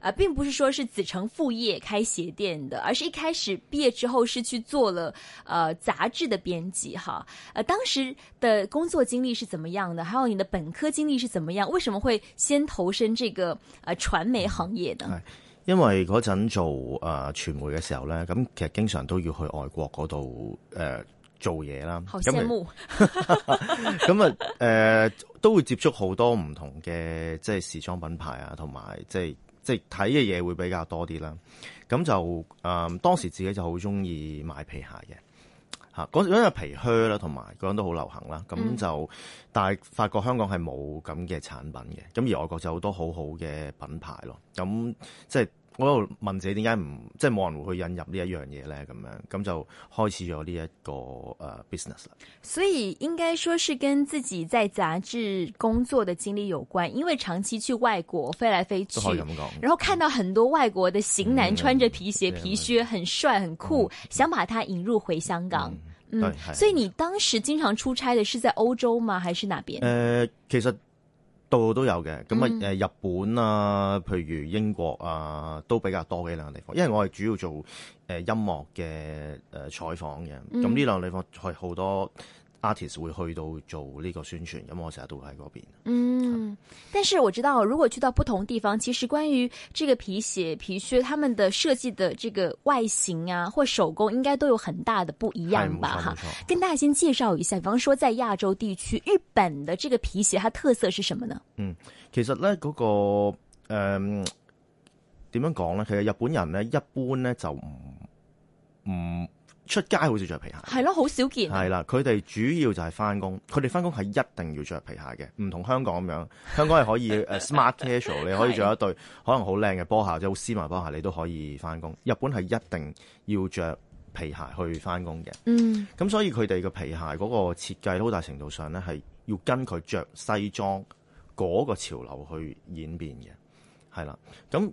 呃，並不是說是子承父業開鞋店的，而是一開始畢業之後是去做了呃雜誌的編輯哈。呃，當時的工作經歷是怎麼樣的？還有你的本科經歷是怎麼樣？為什麼會先投身這個呃傳媒行業呢？因為嗰陣做呃傳媒嘅時候呢，咁其實經常都要去外國嗰度呃做嘢啦。好羨慕。咁啊，誒， 呃，都會接觸好多唔同嘅即係時裝品牌啊，同埋即係。即係睇嘅嘢會比較多啲啦，咁就誒、嗯、當時自己就好鍾意買皮鞋嘅，嗰陣有皮靴啦同埋嗰陣都好流行啦，咁就、嗯、但係發覺香港係冇咁嘅產品嘅，咁而外國就好多好好嘅品牌咯，咁即係。我又問自己點解唔即係冇人會去引入這呢一樣嘢咧？咁樣咁就開始咗呢一個 business 啦。所以應該說是跟自己在雜誌工作的經歷有關，因為長期去外國飛來飛去，然後看到很多外國的型男、嗯、穿著皮鞋、皮靴，很帥很酷，嗯、想把它引入回香港。嗯，嗯，所以你當時經常出差的是在歐洲嗎還是哪邊？誒、呃，其實。度度都有嘅，咁啊日本啊、嗯，譬如英國啊，都比較多嘅兩個地方，因為我係主要做音樂嘅誒採訪嘅，咁、嗯、呢兩個地方係好多。artist 會去到做呢個宣傳，咁我成日都喺嗰邊。嗯，但是我知道，如果去到不同地方，其實關於這個皮鞋、皮靴，他們的設計的這個外形啊，或手工，應該都有很大的不一樣吧？跟大家先介紹一下，比方說，在亞洲地區，日本的這個皮鞋，它特色是什麼呢？嗯，其實呢嗰、那個誒點、嗯、樣講呢，其實日本人呢，一般呢就唔唔。嗯出街好少著皮鞋，係咯，好少見。係啦，佢哋主要就係翻工，佢哋翻工係一定要著皮鞋嘅，唔同香港咁樣，香港係可以、 uh, smart casual， 你可以着一對可能好靚嘅波鞋，即係好絲襪波鞋，你都可以翻工。日本係一定要著皮鞋去翻工嘅，嗯，咁所以佢哋嘅皮鞋嗰個設計，好大程度上呢係要跟佢著西裝嗰個潮流去演變嘅，係啦，咁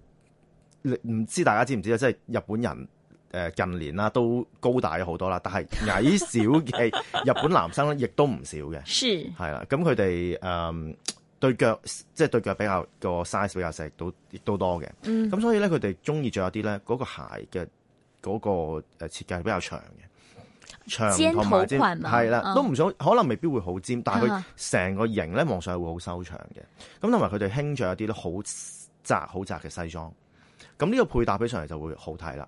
你唔知大家知唔知啊？即係日本人。誒近年啦，都高大咗好多啦。但係矮小嘅日本男生咧，亦都唔少嘅係啦。咁佢哋誒對腳即係對腳比較個 size 比較細，都亦都多嘅。咁、嗯、所以咧，佢哋中意著一啲咧嗰個鞋嘅嗰個誒設計係比較長嘅長同埋，係啦、嗯、都唔想可能未必會好尖，嗯、但係佢成個型咧望上去會好修長嘅。咁同埋佢哋興著一啲咧好窄好窄嘅西裝，咁呢個配搭起上嚟就會好睇啦。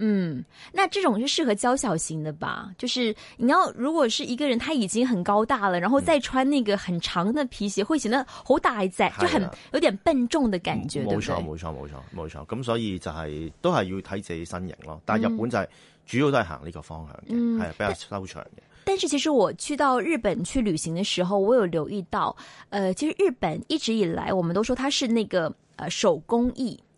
嗯，那這種是適合嬌小型的吧？就是你要如果是一個人他已經很高大了，然後再穿那個很長的皮鞋，嗯、會顯得好大隻、嗯、就很、嗯、有點笨重的感覺沒。沒錯，沒錯，沒錯，沒錯。咁所以就是都係要睇自己身形咯。但日本就係、是嗯、主要都係行呢個方向嘅，係、嗯、比較修長嘅。但是其實我去到日本去旅行的時候，我有留意到，呃，其實日本一直以來我們都說它是那個呃手工藝。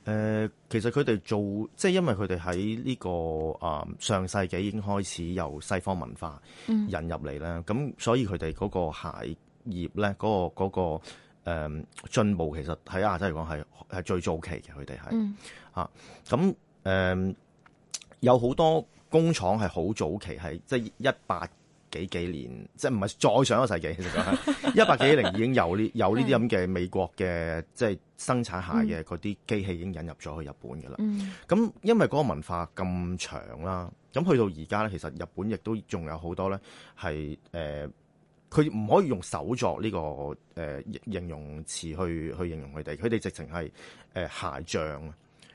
誒、呃、其實佢哋做，即係因為佢哋喺呢個啊、呃、上世紀已經開始由西方文化引入嚟咧，咁、嗯、所以佢哋個鞋業咧，嗰個、嗰個誒進、呃、步，其實喺亞洲嚟講係係最早期嘅，佢哋係啊，咁誒、呃、有好多工廠係好早期係即係一八。幾幾年，即係唔係再上一個世紀？其實一百幾年已經有呢有呢啲咁嘅美國嘅即係生產鞋嘅嗰啲機器已經引入咗去日本嘅啦。咁、嗯、因為嗰個文化咁長啦，咁去到而家咧，其實日本亦都仲有好多咧係誒，佢、呃、唔可以用手作呢、呢個誒、呃、形容詞去去形容佢哋，佢哋直情係誒鞋匠。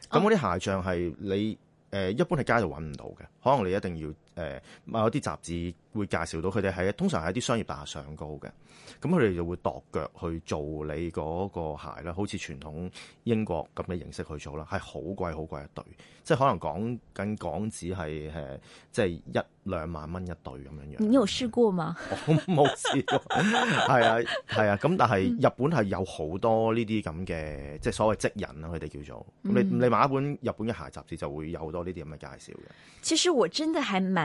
咁嗰啲鞋匠係你誒、呃、一般喺街度揾唔到嘅，可能你一定要。誒某一啲雜誌會介紹到佢哋，係通常係啲商業大廈上高嘅。咁佢哋就會度腳去做你嗰個鞋啦，好似傳統英國咁嘅形式去做啦，係好貴好貴一對，即係可能講緊港紙係誒即係一兩萬蚊一對咁樣樣。你有試過嗎？ 我冇試試過，係啊係啊，咁、啊啊、但係日本係有好多呢啲咁嘅即係所謂職人啦、啊，佢哋叫做，你你買一本日本嘅鞋雜誌就會有好多呢啲咁嘅介紹嘅。其實我真的還蠻。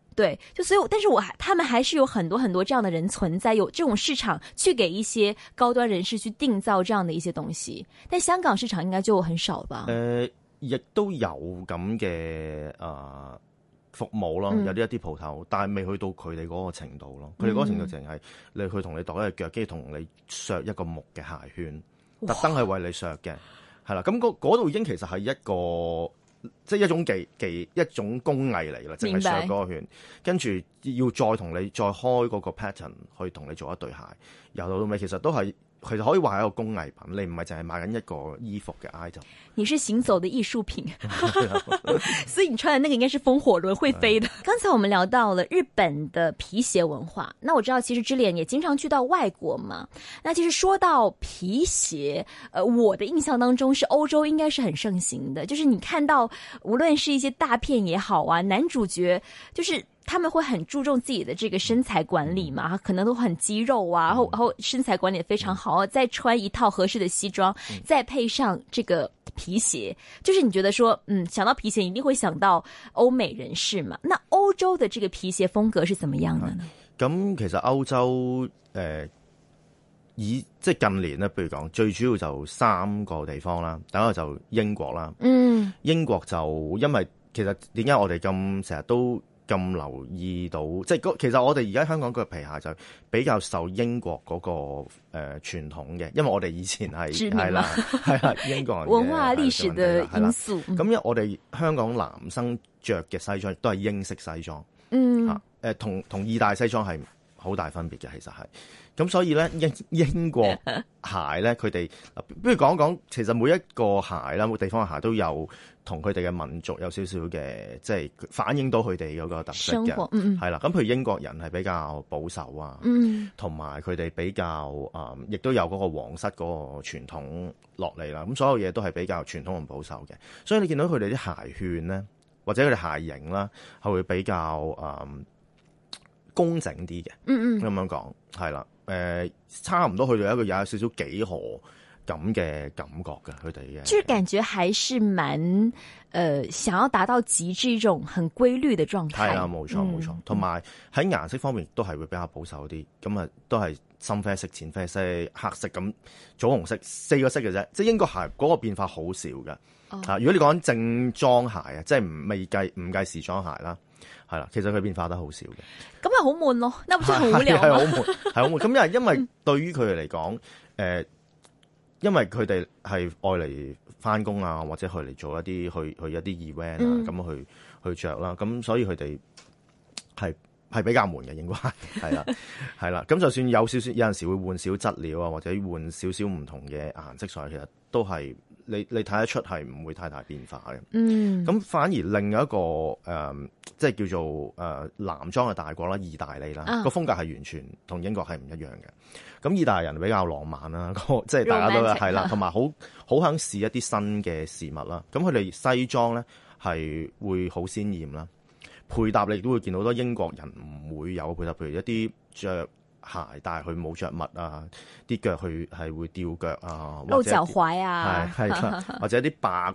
對，就所以，但是我還，他們還是有很多很多這樣的人存在，有這種市場去給一些高端人士去定造這樣的一些東西。但香港市場應該就很少吧？誒、呃，亦都有咁嘅啊服務咯，有啲一啲鋪頭，嗯、但係未去到佢哋嗰個程度咯。佢哋嗰個程度淨係你去同你度一隻腳機，跟住同你削一個木嘅鞋圈，特登係為你削嘅，係啦。咁嗰度已經其實係一個。即係一種技技一種工藝嚟啦，淨係上嗰個圈，跟住要再同你再開嗰個 pattern 去同你做一對鞋，由頭到尾其實都係。其實可以話係一個工藝品，你唔係淨係買緊一個衣服嘅 item 你是行走的藝術品， 所以你穿嘅那個應該是風火輪會飛的。剛才我們聊到了日本的皮鞋文化，那我知道其實之戀也經常去到外國嘛。那其實說到皮鞋，呃，我的印象當中是歐洲應該是很盛行的，就是你看到無論是一些大片也好啊，男主角就是。他們會很注重自己的這個身材管理嘛？可能都很肌肉啊，然後然後身材管理非常好，再穿一套合適的西裝，再配上這個皮鞋，就是你覺得說，嗯，想到皮鞋一定會想到歐美人士嘛？那歐洲的這個皮鞋風格是怎麼樣的呢？咁、嗯、其實歐洲誒、呃，以即係近年咧，譬如講最主要就三個地方啦，第一個就英國啦，嗯，英國就因為其實點解我哋咁成日都。咁留意到，即係其實我哋而家香港嘅皮鞋就比較受英國嗰、嗰個傳、呃、傳統嘅，因為我哋以前係啦， 英國文化 歷史嘅因素。咁、嗯、因為我哋香港男生著嘅西裝都係英式西裝，嗯，同同意大西裝係好大分別嘅，其實係。咁所以咧，英英國鞋咧，佢哋不如講講，其實每一個鞋啦，每一個地方嘅鞋都有同佢哋嘅民族有少少嘅，即係反映到佢哋嗰個特色嘅，係啦。咁、嗯、譬如英國人係比較保守啊，同埋佢哋比較啊，亦、嗯、都有嗰個皇室嗰個傳統落嚟啦。咁所有嘢都係比較傳統同保守嘅，所以你見到佢哋啲鞋楦咧，或者佢哋鞋型啦，係會比較啊工整啲嘅。嗯嗯，咁、嗯、樣講係啦。誒，差唔多去到一個有少少幾何咁嘅感覺嘅，佢哋嘅即係、感覺還是蠻誒、呃，想要達到極致一種很規律的狀態。係啊，冇錯冇錯。同埋喺顏色方面都係會比較保守啲，咁啊都係深啡色、淺啡色、黑色、咁棗紅色四個色嘅啫，即係英國鞋嗰個變化好少噶。啊、哦，如果你講正裝鞋啊，即係唔未計唔計時裝鞋啦。係啦，其實佢變化得好少嘅，咁係好悶咯，因為好似好料，係好悶，係好悶。咁因為因為對於佢哋嚟講，誒，因為佢哋係愛嚟返工啊，或者去嚟做一啲去去一啲 event 啊，咁、嗯、去去着啦，咁所以佢哋係係比較悶嘅，應該係啦，係啦。咁 就算有少少，有陣時會換少質料啊，或者換少少唔同嘅顏色，上去，其實都係。你你睇得出係唔會太大變化嘅，咁、嗯、反而另一個誒、呃，即係叫做誒男裝嘅大國啦，意大利啦，個、啊、風格係完全同英國係唔一樣嘅。咁意大利人比較浪漫啦， 即係大家都係啦，同埋好好肯試一啲新嘅事物啦。咁佢哋西裝咧係會好鮮豔啦，配搭你亦都會見到好多英國人唔會有嘅配搭，譬如一啲着，呃鞋，但佢冇著襪啊，啲腳佢係會吊腳啊，或者露腳踝啊， 或者啲白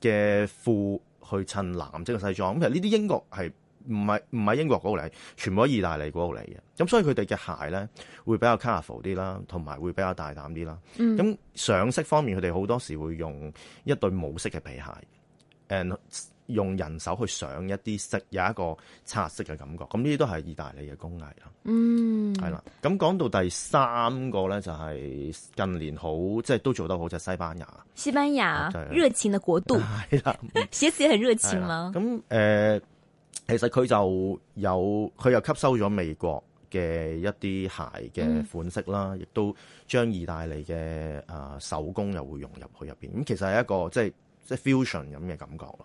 嘅褲去襯藍色嘅西裝咁。其實呢啲英國係唔係唔係英國嗰度嚟，全部喺意大利嗰度嚟嘅。咁所以佢哋嘅鞋咧會比較 colourful 啲啦，同埋會比較大膽啲啦。咁、嗯、上色方面，佢哋好多時會用一對冇色嘅皮鞋，and, 用人手去上一啲色，有一個擦色嘅感覺。咁呢啲都係意大利嘅工藝啦。嗯，係啦。咁講到第三個咧，就係、是、近年好即係都做得好似西班牙。西班牙熱情嘅國度係啦，鞋、就是、 也很熱情咯。咁、呃、其實佢就有佢又吸收咗美國嘅一啲鞋嘅款式啦，亦、嗯、都將意大利嘅、呃、手工又會融入去入邊。咁其實係一個即係即係 fusion 咁嘅感覺咯。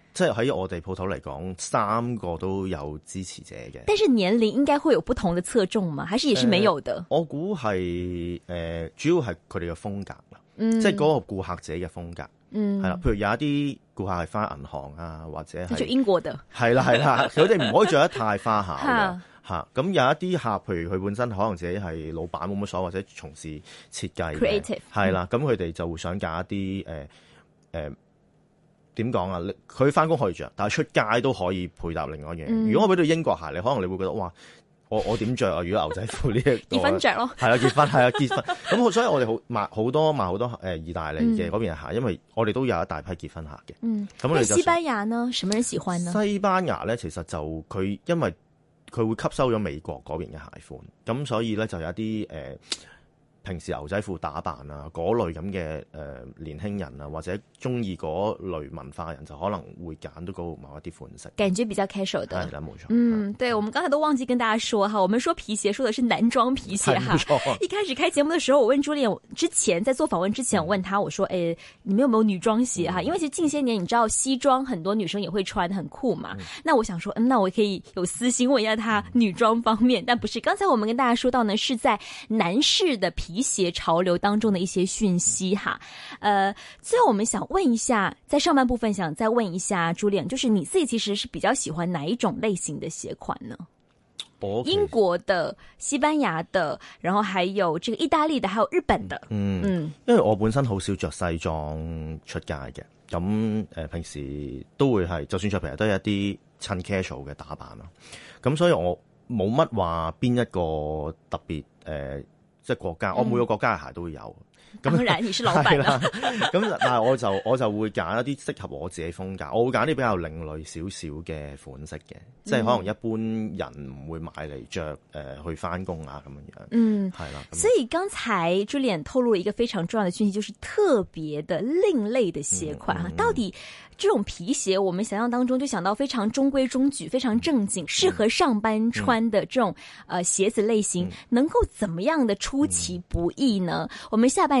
即係喺我哋鋪頭嚟講，三個都有支持者嘅。但是年齡應該會有不同嘅側重嘛，還是也是沒有的？呃、我估係誒，主要係佢哋嘅風格啦，即係嗰個顧客自己嘅風格。嗯，係啦、嗯。譬如有一啲顧客係返銀行啊，或者係英國的，係啦係啦，佢哋唔可以着得太花巧吓。咁 有一啲客，譬如佢本身可能自己係老闆冇乜所謂或者從事設計，creative 係啦。咁佢哋就會想揀一啲誒誒。呃呃點講啊？佢返工可以著，但係出街都可以配搭另外嘢、嗯。如果我俾對英國鞋，你可能你會覺得哇，我我點着啊？ 如果牛仔褲呢啲結婚着了咯，係 啊，結婚係，啊結婚。咁、啊、 所以我哋好賣好多賣好多誒意大利嘅嗰邊嘅鞋，因為我哋都有一大批結婚客嘅。咁、嗯、你西班牙呢？什麼人喜歡呢？西班牙咧，其實就佢因為佢會吸收咗美國嗰邊嘅鞋款，咁所以咧就有一啲誒。呃平時牛仔褲打扮啊，嗰類咁嘅誒年輕人啊，或者中意嗰類文化人就可能會揀到嗰個某一啲款式。感覺比較 casual 的，嗯，對嗯對，對，我們剛才都忘記跟大家說哈，我們說皮鞋，說的是男裝皮鞋哈。一開始開節目的時候，我問朱莉之前在做訪問之前，我問他，我說：哎、欸，你們有沒有女裝鞋？哈、嗯，因為其實近些年你知道西裝很多女生也會穿，很酷嘛、嗯。那我想說，嗯，那我可以有私心問一下他女裝方面，但不是。剛才我們跟大家說到呢，是在男士的皮。一些潮流當中的一些訊息哈，呃，最後我們想問一下，在上半部分想再問一下 Julian，就是你自己其實是比較喜歡哪一種類型的鞋款呢？Okay. 英國的、西班牙的，然後還有這個意大利的，還有日本的。嗯，嗯因為我本身好少着西裝出街嘅，咁誒、呃、平時都會係，就算着平日都有一啲襯 casual 嘅打扮咯，咁所以我冇乜話邊一個特別誒。呃即係國家，我每個國家嘅鞋都會有。嗯當然， 你是老闆是啦。 但係我就我就會揀一啲適合我自己風格， 我會揀啲比較另類少少嘅款式嘅、嗯，即係可能一般人唔會買嚟着、呃、去翻工啊咁樣樣。嗯，係啦。所以剛才 Julian 透露了一個非常重要的訊息，就是特別的另類的鞋款哈、嗯。到底這種皮鞋，我們想象當中就想到非常中規中矩、非常正經，嗯、適合上班穿的這種鞋子類型，嗯、能夠怎麼樣的出其不意呢？嗯、我們下半。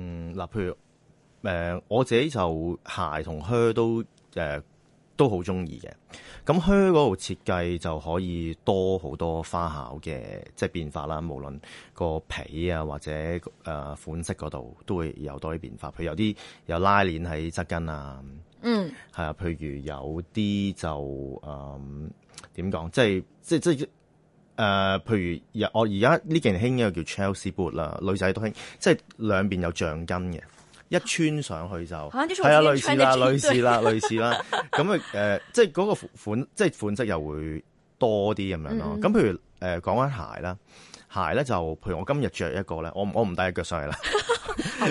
嗯，嗱，譬如誒，我自己就鞋同靴都誒、呃、都好中意嘅。咁靴嗰度設計就可以多好多花巧嘅，即係變化啦。無論個皮啊或者誒、呃、款式嗰度都會有多啲變化。譬如有啲有拉鏈喺側跟啊，嗯，係啊。譬如有啲就誒點講，即係即係即係。誒、uh，譬如我而家呢件興一個叫 Chelsea boot 啦，女仔都興，即係兩邊有橡筋嘅，一穿上去就係啊，類似啦，類似啦， 類似啦。咁、嗯、誒，即係嗰個款，即係款式又會多啲咁樣咯。咁譬如誒，講、呃、翻鞋啦，鞋咧就譬如我今日着一個咧，我我唔帶一腳上嚟啦，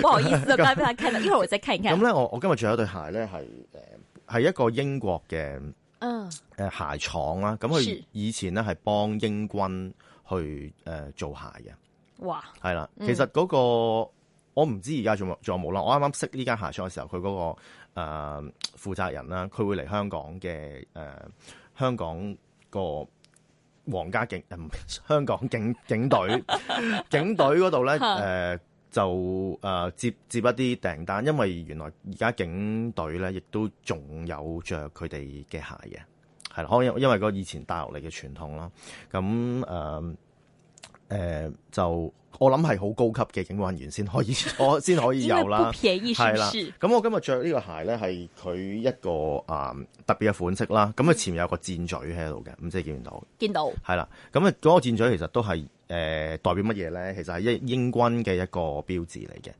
不好意思啊，交俾阿 Kenny 因為 Kenny 傾緊。咁咧，我我今日著咗對鞋咧係誒，係一個英國嘅。嗯，誒鞋廠啦，咁佢以前咧係幫英軍去誒、呃、做鞋嘅。哇，係啦、嗯，其實嗰、那個我唔知而家仲仲有冇啦，我啱啱識呢間鞋廠嘅時候，佢嗰、那個誒、呃、負責人啦，佢會嚟香港嘅誒、呃、香港個皇家警唔係、呃、香港警警隊 警隊嗰度咧誒。 呃就誒、呃、接接一啲訂單，因為原來而家警隊咧，亦都仲有着佢哋嘅鞋嘅，係啦，可能因為個以前大陸嚟嘅傳統啦。咁誒、呃呃、就我諗係好高級嘅警員員先可以， 我先可以有啦。係啦。咁我今日着呢個鞋咧，係佢一個啊、呃、特別嘅款式啦。咁、嗯、佢前面有個箭嘴喺度嘅，咁即係見唔到。見到。係啦。咁啊，嗰個箭嘴其實都係。誒、呃，代表乜嘢咧？其實係一英軍嘅一個標誌嚟嘅，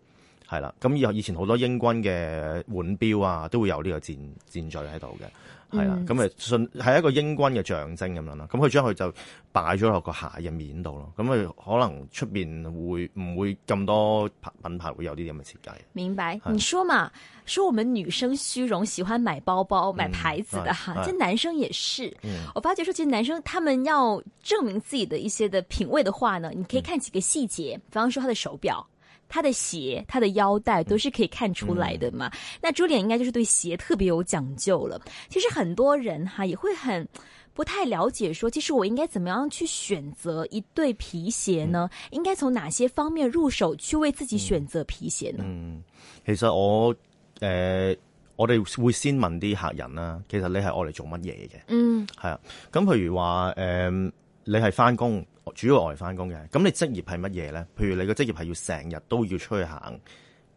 係啦。咁以後以前好多英軍嘅腕錶啊，都會有呢個戰戰序喺度嘅。係、嗯、啦，咁咪信係一個英軍嘅象徵咁樣啦，咁佢將佢就擺咗落個鞋入面度咯，咁咪可能出面會唔會咁多品品牌會有啲咁嘅設計？明白，你說嘛？說我們女生虛榮，喜歡買包包、買牌子的哈，其實男生也是。嗯，是是是是是，我發覺說，其實男生他們要證明自己的一些的品味的話呢，你可以看幾個細節，比、嗯、方說他的手錶。他的鞋、他的腰帶都是可以看出來的嘛？嗯、那朱臉應該就是對鞋特別有講究了。其實很多人哈也會很不太了解，說其實我應該怎麼樣去選擇一對皮鞋呢？嗯、應該從哪些方面入手去為自己選擇皮鞋呢？嗯，嗯其實我誒、呃，我哋會先問啲客人啦。其實你係用嚟做乜嘢嘅？嗯，係啊。咁譬如話誒、呃，你係翻工。主要外返工嘅，咁你職業係乜嘢咧？譬如你個職業係要成日都要出去行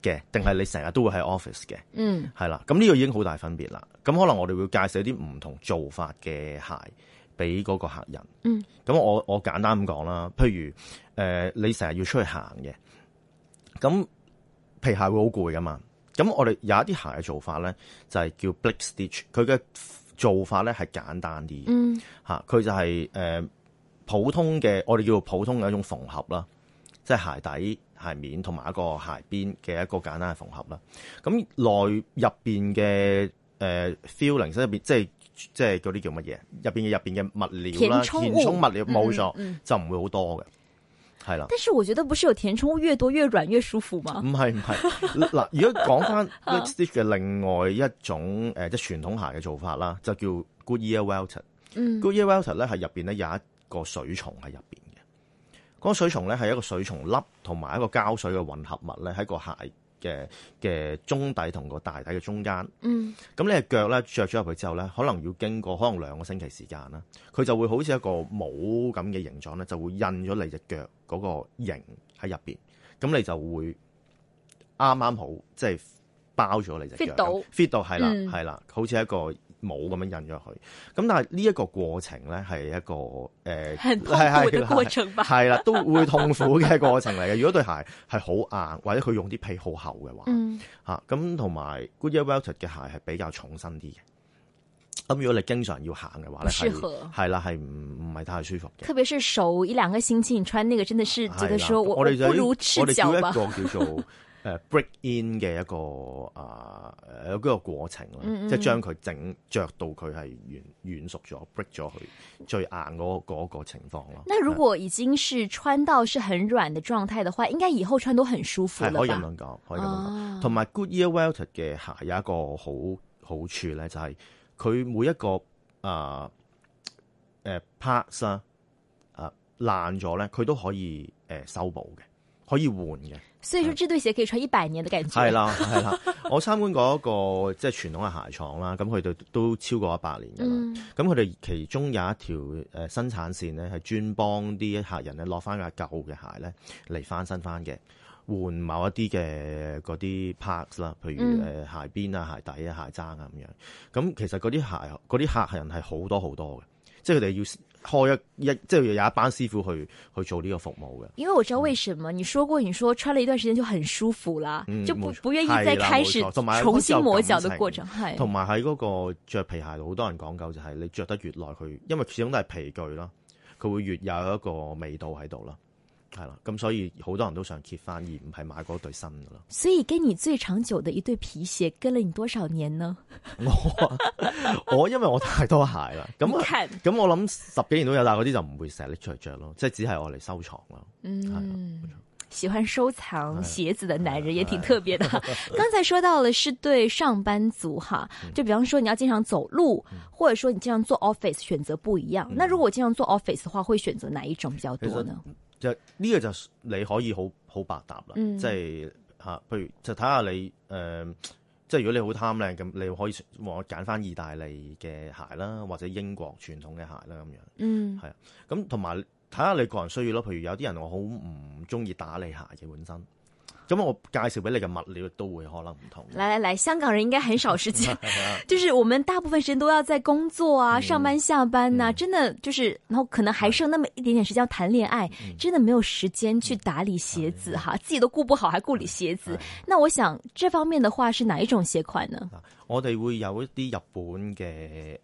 嘅，定係你成日都會喺 office 嘅？嗯，係啦，咁呢個已經好大分別啦。咁可能我哋會介紹一啲唔同做法嘅鞋俾嗰個客人。嗯，咁我我簡單咁講啦。譬如誒、呃，你成日要出去行嘅，咁皮鞋會好攰㗎嘛？咁我哋有一啲鞋嘅做法咧，就係、是、叫 Blake stitch，佢嘅做法咧係簡單啲。嗯，佢就係、是、誒。呃普通嘅我哋叫做普通嘅一種縫合啦，即係鞋底、鞋面同埋一個鞋邊嘅一個簡單嘅縫合啦。咁內入邊嘅誒 feeling，入邊即係即係嗰啲叫乜嘢？入邊嘅入邊嘅物料啦，填充物料冇錯就唔會好多嘅，係啦。但是我覺得不是有填充物越多越軟越舒服嘛，唔係唔係嗱，如果講翻 leather 嘅另外一種誒即係傳統鞋嘅做法啦，就叫 Goodyear Welt，嗯。Goodyear Welt 咧係入邊咧有一。個水蟲喺入邊嘅，嗰個水蟲咧係一個水蟲粒同埋一個膠水嘅混合物咧，喺個鞋嘅嘅中底同個大底嘅中間。嗯，咁你隻腳咧着咗入去之後咧，可能要經過可能兩個星期時間啦，佢就會好似一個帽咁嘅形狀咧，就會印咗你隻腳嗰個形喺入邊，咁你就會啱啱好，即係包咗你隻腳 fit 到 fit 到係啦係啦，好似一個。冇咁樣引咗佢，咁但係呢一個過程咧係一個誒，係係係，係啦， 都會痛苦嘅過程嚟嘅。如果對鞋係好硬，或者佢用啲皮好厚嘅話，嚇、嗯、咁同、啊、埋 Goodyear Welt 嘅鞋係比較重身啲嘅。咁如果你經常要行嘅話咧，係啦係唔唔係太舒服嘅。特別是手一兩個星期，你穿那個真的是覺得說我，我不如我哋要一個叫做。 誒 break in 嘅一個啊誒、呃、個過程啦，嗯嗯即係將佢整着到佢係軟軟熟咗，break 咗佢最硬嗰嗰情況咯。那如果已經是穿到是很軟的狀態的話，應該以後穿都很舒服係可以咁樣講可以咁樣講，同、啊、埋 Goodyear welted 嘅鞋有一個好好處咧，就係、是、佢每一個啊誒 part 啊啊爛咗咧，佢都可以誒、呃、修補嘅。可以換嘅，所以說這對鞋可以穿一百年嘅感覺。係啦，係 啦，我參觀過一個即係、就是、傳統嘅鞋廠啦，咁佢哋都超過一百年㗎啦。咁佢哋其中有一條誒生產線咧，係專幫啲客人咧攞翻架舊嘅鞋咧嚟翻新翻嘅，換某一啲嘅嗰啲 parts 啦，譬如誒鞋邊啊、鞋底啊、鞋踭啊咁樣。咁其實啲鞋嗰啲客人係好多好多嘅，即係佢哋要。開一一即係有一班師傅去去做呢個服務嘅。因為我知道為什麼、嗯、你說過，你說穿了一段時間就很舒服啦、嗯，就不不願意再開始重新磨腳的過程。係，同埋喺嗰個著皮鞋，好多人講究就係你著得越耐，佢因為始終都係皮具啦，佢會越有一個味道喺度啦。係啦，咁所以好多人都想 keep 返，而唔係買嗰對新噶咯。所以跟你最長久的一對皮鞋跟了你多少年呢？我 我因為我太多鞋啦，咁咁我諗十幾年都有，但係嗰啲就唔會成日拎出嚟着咯，即係只係我嚟收藏咯。嗯，係。喜歡收藏鞋子的男人也挺特別的。剛 才說到了是對上班族哈，就比方說你要經常走路，嗯、或者說你經常做 office，選擇不一樣。嗯、那如果我經常做 office 的話，會選擇哪一種比較多呢？呢個就你可以好好百搭啦，即係嚇，譬如就睇下你誒、呃，即係如果你好貪靚咁，你可以往揀翻意大利嘅鞋啦，或者英國傳統嘅鞋啦咁樣，係、嗯、啊，咁同埋睇下你個人需要咯。譬如有啲人我好唔中意打理鞋嘅本身。咁我介紹俾你嘅物料都會可能唔同。來來來，香港人應該很少時間， 就是我們大部分時間都要在工作啊、嗯、上班、下班啊、嗯，真的就是，然後可能還剩那麼一點點時間要談戀愛、嗯，真的沒有時間去打理鞋子哈、嗯嗯，自己都顧不好，還顧理鞋子、嗯。那我想這方面的話，是哪一種鞋款呢？我哋會有一啲日本嘅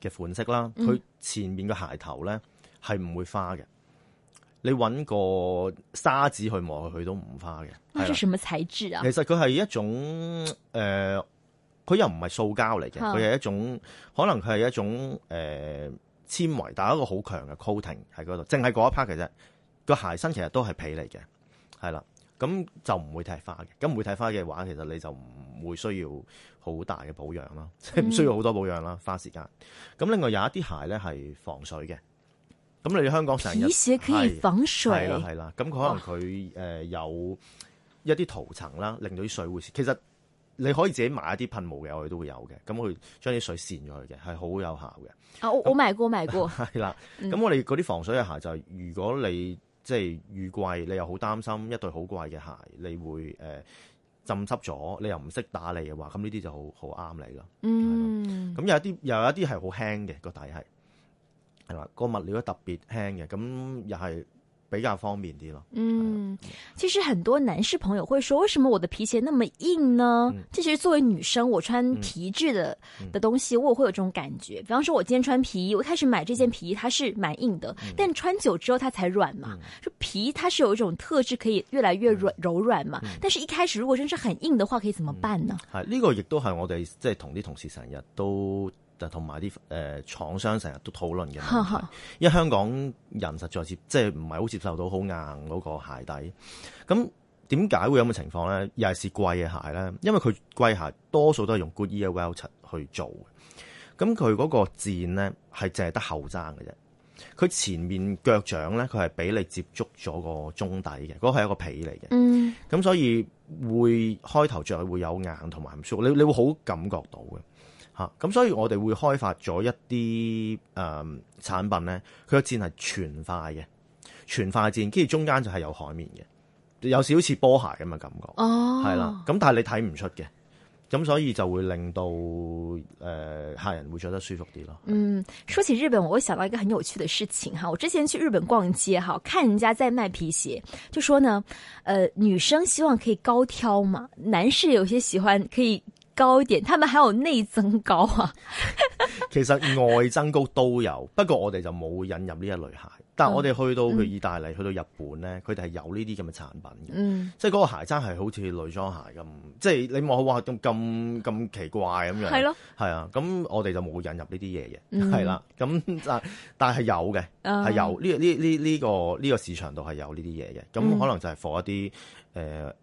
誒嘅款式啦，佢、嗯、前面嘅鞋頭咧係唔會花嘅。你搵個砂紙去磨去佢都唔花嘅。那是什麼材質啊，啊？其實佢係一種誒，佢、呃、又唔係塑膠嚟嘅，佢係一種可能佢係一種誒纖維，但係一個好強嘅 coating 喺嗰度。淨係嗰一 part 其實個鞋身其實都係皮嚟嘅，係啦、啊，咁就唔會踢花嘅。咁唔會踢花嘅話，其實你就唔會需要好大嘅保養啦，即係唔需要好多保養啦，花時間。咁另外有一啲鞋咧係防水嘅。咁你哋香港成日皮鞋可以防水，係係啦，咁佢可、可能佢、呃、有一啲塗層啦，令到啲水會。其實你可以自己買一啲噴霧嘅，我哋都會有嘅。咁佢將啲水扇咗去嘅，係好有效嘅。啊我，我買過，買過。係啦，咁我哋嗰啲防水嘅鞋就係嗯，如果你即係雨季，你又好擔心一對好貴嘅鞋，你會、呃、浸濕咗，你又唔識打理嘅話，咁呢啲就好好啱你咯。嗯。咁有一啲，又有一啲係好輕嘅個底係。係啦，個物料都特別輕嘅，咁又係比較方便啲咯。嗯，其實很多男士朋友會說：為什麼我的皮鞋那麼硬呢？嗯、其實作為女生，我穿皮質的、嗯、的東西，我會有這種感覺。比方說，我今天穿皮衣，我一開始買這件皮衣，它是蠻硬的、嗯，但穿久之後，它才軟嘛。就、嗯、皮，它是有一種特質，可以越來越軟、嗯、柔軟嘛、嗯。但是一開始如果真是很硬的話，可以怎麼辦呢？係、嗯、呢、這個亦都係我哋即係同啲同事成日都。同埋啲誒廠商成日都討論嘅問題 因為香港人實在接，即係唔係好接受到好硬嗰個鞋底。咁點解會有咁嘅情況咧？尤其是貴嘅鞋咧，因為佢貴鞋多數都係用 Goodyear Welt 去做。咁佢嗰個墊咧係淨係得後踭嘅啫，佢前面腳掌咧佢係俾你接觸咗個中底嘅，嗰係一個皮嚟嘅。嗯，咁所以會開頭着會有硬同埋唔舒服，你你會好感覺到嘅。啊，咁所以我哋會開發咗一啲誒、呃、產品咧，佢個墊係全塊嘅，全塊墊，跟住中間就係有海綿嘅，有少少似波鞋咁嘅感覺，係、哦、啦，咁但係你睇唔出嘅，咁所以就會令到誒、呃、客人會覺得舒服啲咯。嗯，說起日本，我會想到一個很有趣嘅事情哈，我之前去日本逛街，哈，看人家在賣皮鞋，就說呢，呃，女生希望可以高挑嘛，男士有些喜歡可以。高一點，佢咪還有內增高啊。 其實外增高都有，不過我哋就冇引入呢一類鞋。但係我哋去到佢意大利、嗯、去到日本咧，佢哋係有呢啲咁嘅產品嘅。嗯，即係嗰個鞋真係好似女裝鞋咁，即係你冇話咁咁咁奇怪咁樣。係咯，係啊。咁我哋就冇引入呢啲嘢嘅，係、嗯、啦。咁、啊、但但係有嘅，係、嗯、有呢呢呢呢個呢、呢個呢個市場度係有呢啲嘢嘅。咁可能就係放一啲誒。嗯呃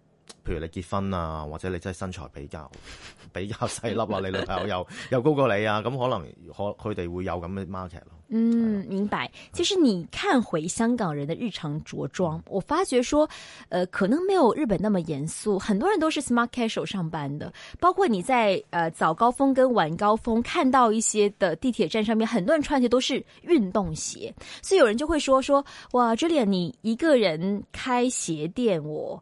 譬如你結婚啊，或者你真係身材比較比較細粒啊，你女朋友又又高過你啊，咁 可能可佢哋會有咁嘅 market 咯。嗯，明白。其實你看回香港人的日常着裝，我發覺說，呃可能沒有日本那麼嚴肅，很多人都是 smart casual 上班的。包括你在呃早高峰跟晚高峰看到一些的地鐵站上面，很多人穿嘅都是運動鞋，所以有人就會說：說哇，Julian，你一個人開鞋店我。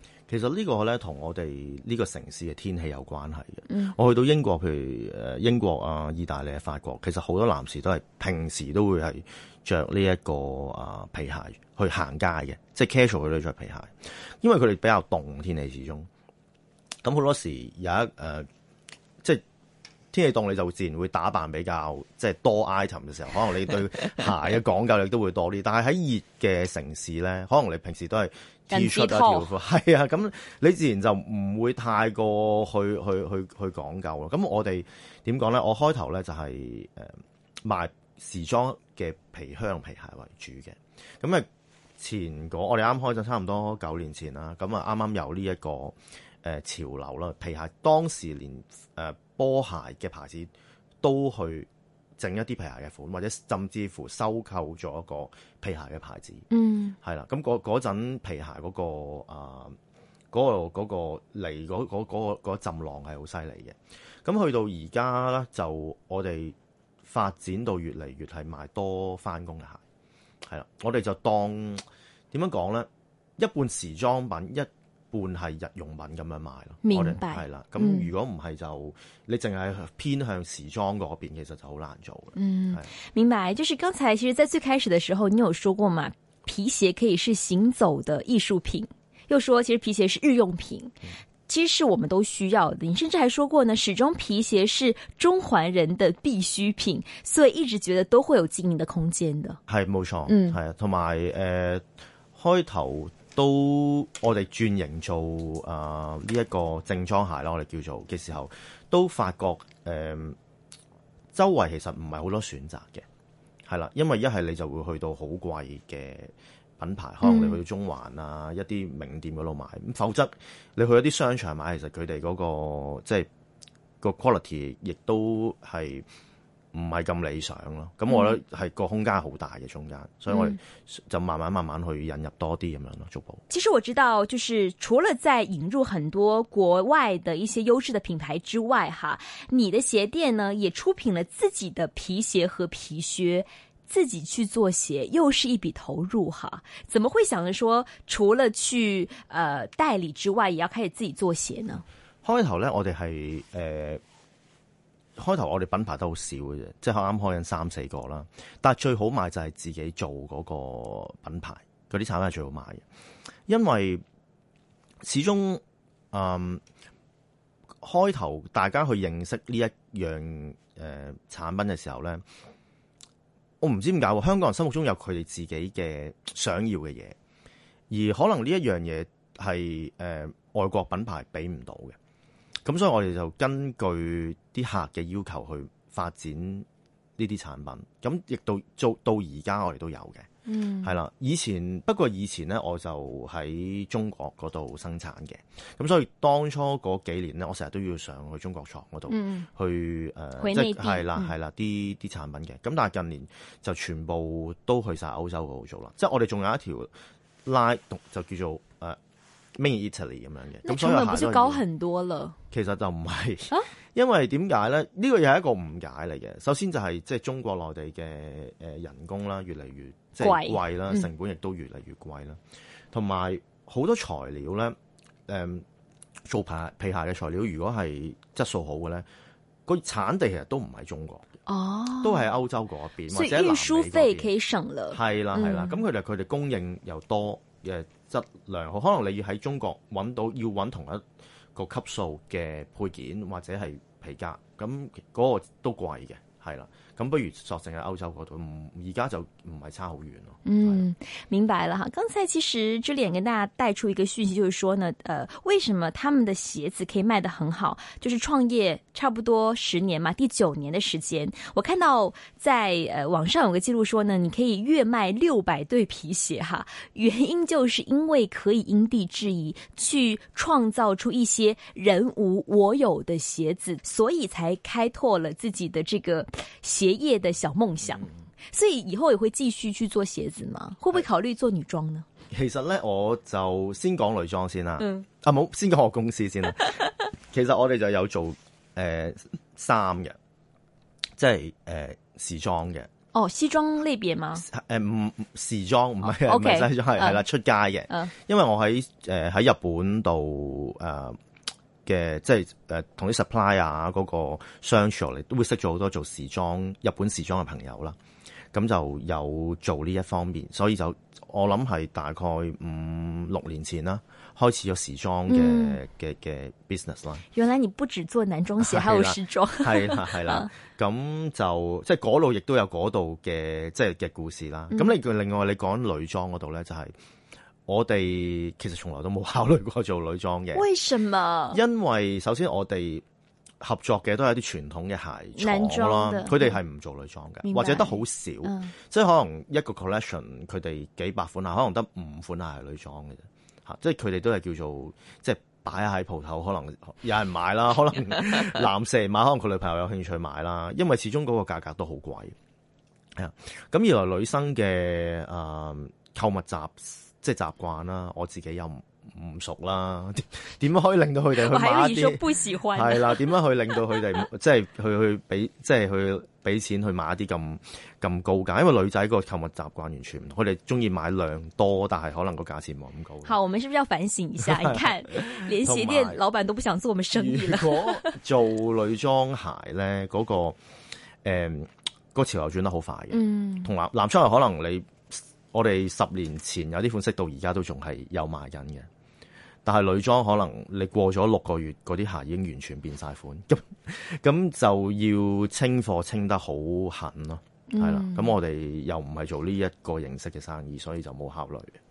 其實呢個咧同我哋呢個城市嘅天氣有關係嘅。我去到英國，譬如誒英國啊、意大利、法國，其實好多男士都係平時都會係着呢一個啊、呃、皮鞋去行街嘅，即係 casual 佢都着皮鞋，因為佢哋比較凍天氣，始終。咁好多時有一誒。呃天氣凍你就自然會打扮比較即係多 item 嘅時候，可能你對鞋嘅講究亦都會多啲。 但係喺熱嘅城市咧，可能你平時都係 T 恤條褲，係啊，咁你自然就唔會太過去去去去講究咯。咁我哋點講咧？我開頭咧就係誒賣時裝嘅皮箱皮鞋為主嘅。咁啊前嗰我哋啱開咗差唔多九年前啦，咁啊啱啱有呢、這、一個。誒潮流啦，皮鞋當時連誒、呃、波鞋嘅牌子都去整一啲皮鞋嘅款，或者甚至乎收購咗一個皮鞋嘅牌子。嗯，係啦，咁嗰嗰陣皮鞋嗰、嗰個啊嗰、呃嗰個嗰、嗰個嚟嗰、嗰個嗰、嗰個嗰陣、嗰個嗰個、浪係好犀利嘅。咁去到而家咧，就我哋發展到越嚟越係買多返工嘅鞋。係啦，我哋就當點樣講咧？一半時裝品一。半係日用品咁樣賣咯，明白係啦。咁如果唔係就、嗯、你淨係偏向時裝嗰邊，其實就好難做。嗯，明白。就是剛才其實，在最開始的時候，你有說過嘛，皮鞋可以是行走的藝術品，又說其實皮鞋是日用品，嗯，其實是我們都需要的。的你甚至還說過呢，始終皮鞋是中環人的必需品，所以一直覺得都會有經營的空間的。係冇錯，嗯，係啊，同埋誒開頭。都我哋轉型做啊呢一個正裝鞋啦，我哋叫做嘅時候，都發覺誒周圍其實唔係好多選擇嘅，係啦，因為一係你就會去到好貴嘅品牌，可能你去到中環啊一啲名店嗰度買，咁，嗯，否則你去一啲商場買，其實佢哋嗰個即係個 quality 亦都係唔係咁理想咯，咁我覺得係個空間好大嘅空間，所以我哋就慢慢慢慢去引入多啲咁樣咯，逐步、嗯。其實我知道，就是除了在引入很多國外的一些優質的品牌之外，哈，你的鞋店呢也出品了自己的皮鞋和皮靴，自己去做鞋又是一筆投入，哈，怎麼會想着說除了去呃代理之外，也要開始自己做鞋呢？開頭呢，我哋係誒開頭我哋品牌都好少嘅啫，即係啱啱開緊三四個啦。但係最好賣就係自己做嗰個品牌，嗰啲產品係最好賣嘅，因為始終嗯開頭大家去認識呢一樣誒、呃、產品嘅時候咧，我唔知點解，香港人心目中有佢哋自己嘅想要嘅嘢，而可能呢一樣嘢係誒外國品牌俾唔到嘅。咁所以我哋就根據啲客嘅要求去發展呢啲產品，咁亦到做到而家我哋都有嘅，係、嗯、啦。以前，不過以前咧，我就喺中國嗰度生產嘅，咁所以當初嗰幾年咧，我成日都要上去中國廠嗰度去誒，即係啦係啦啲啲產品嘅。咁、嗯、但係近年就全部都去晒歐洲嗰度做啦，即、就、係、是、我哋仲有一條拉就叫做誒。呃 Made in Italy 咁樣嘅，咁所以好似高很多了。其實就唔係、啊，因為點解咧？呢、呢個又係一個誤解嚟嘅。首先就係即係中國內地嘅誒人工啦，越嚟越即係貴啦，成本亦都越嚟越貴啦。同埋好多材料咧，誒、嗯、做皮皮鞋嘅材料，如果係質素好嘅咧，個產地其實都唔係中國，哦，都係歐洲嗰邊或者南美嗰邊。運輸費可以省了，係啦係啦。咁佢哋佢哋供應又多嘅。質量好，可能你要喺中國揾到要揾同一個級數嘅配件，或者係皮革咁嗰、嗰個都貴嘅，係啦。咁不如索性喺歐洲嗰度，唔而家就唔係差好遠咯。嗯，明白了哈。剛才其實這裏也跟大家帶出一個訊息，就是說呢，呃，為什麼他們的鞋子可以賣得很好？就是創業差不多十年嘛，第九年的時間。我看到在呃網上有個記錄說呢，你可以月賣六百對皮鞋哈。原因就是因為可以因地制宜去創造出一些人無我有的鞋子，所以才開拓了自己的這個鞋。夜爺的小夢想，所以以後也會繼續去做鞋子嗎？會唔會考慮做女裝呢？其實呢，我就先講女裝先啦。嗯，阿、啊、冇先講我公司先啦。 其實我哋就有做誒衫嘅，即係誒、呃、時裝嘅。哦，西裝類別嘛？誒、呃，唔時裝唔係啊，唔西裝係係啦，出街嘅。Uh. 因為我喺誒喺日本度誒。呃嘅即係誒同啲 supply 啊嗰、那個商場嚟，都會識咗好多做時裝日本時裝嘅朋友啦。咁就有做呢一方面，所以就我諗係大概五六年前啦，開始咗時裝嘅嘅嘅 business 啦。原來你不止做男裝鞋，還有時裝，係啦係啦。咁 就即係嗰度亦都有嗰度嘅即係嘅故事啦。咁、嗯、你另外你講女裝嗰度咧，就係、是。我哋其實從來都冇考慮過做女裝嘅。為什麼？因為首先我哋合作嘅都係一啲傳統嘅鞋廠，佢哋係唔做女裝嘅，或者得好少，嗯、即係可能一個 collection 佢哋幾百款鞋，可能得五款鞋係女裝嘅啫吓。即係佢哋都係叫做即係擺喺鋪頭，可能有人買啦， 可能男士買，可能佢女朋友有興趣買啦。因為始終嗰個價格都好貴。咁、嗯、原來女生嘅誒購物集。即、就、係、是、習慣啦，我自己又唔熟啦，點點樣可以令到佢哋去買一啲還有說不喜歡。 係啦，點樣去令到佢哋即係去去俾即係去俾、就是、錢去買一啲咁咁高價？因為女仔個購物習慣完全唔同，佢哋中意買量多，但係可能個價錢冇咁高。好，我們是不是要反省一下？ 你看，連鞋店老闆都不想做我們生意啦。做女裝鞋咧，嗰、那個誒、嗯那個潮流轉得好快嘅，同、嗯、男男裝又可能你。我哋十年前有啲款式到而家都仲係有賣緊嘅，但係女裝可能你過咗六個月，嗰啲鞋已經完全變晒款，咁咁就要清貨清得好狠咯，係啦。咁我哋又唔係做呢一個形式嘅生意，所以就冇考慮嘅。